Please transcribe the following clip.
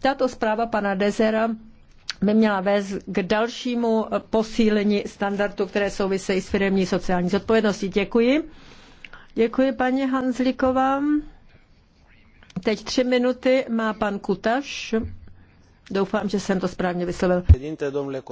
Tato zpráva pana Dezera by měla vést k dalšímu posílení standardů, které souvisejí s firmní sociální zodpovědností. Děkuji. Děkuji, paní Hanzliková. Teď tři minuty má pan Kutaš. Doufám, že jsem to správně vyslovil.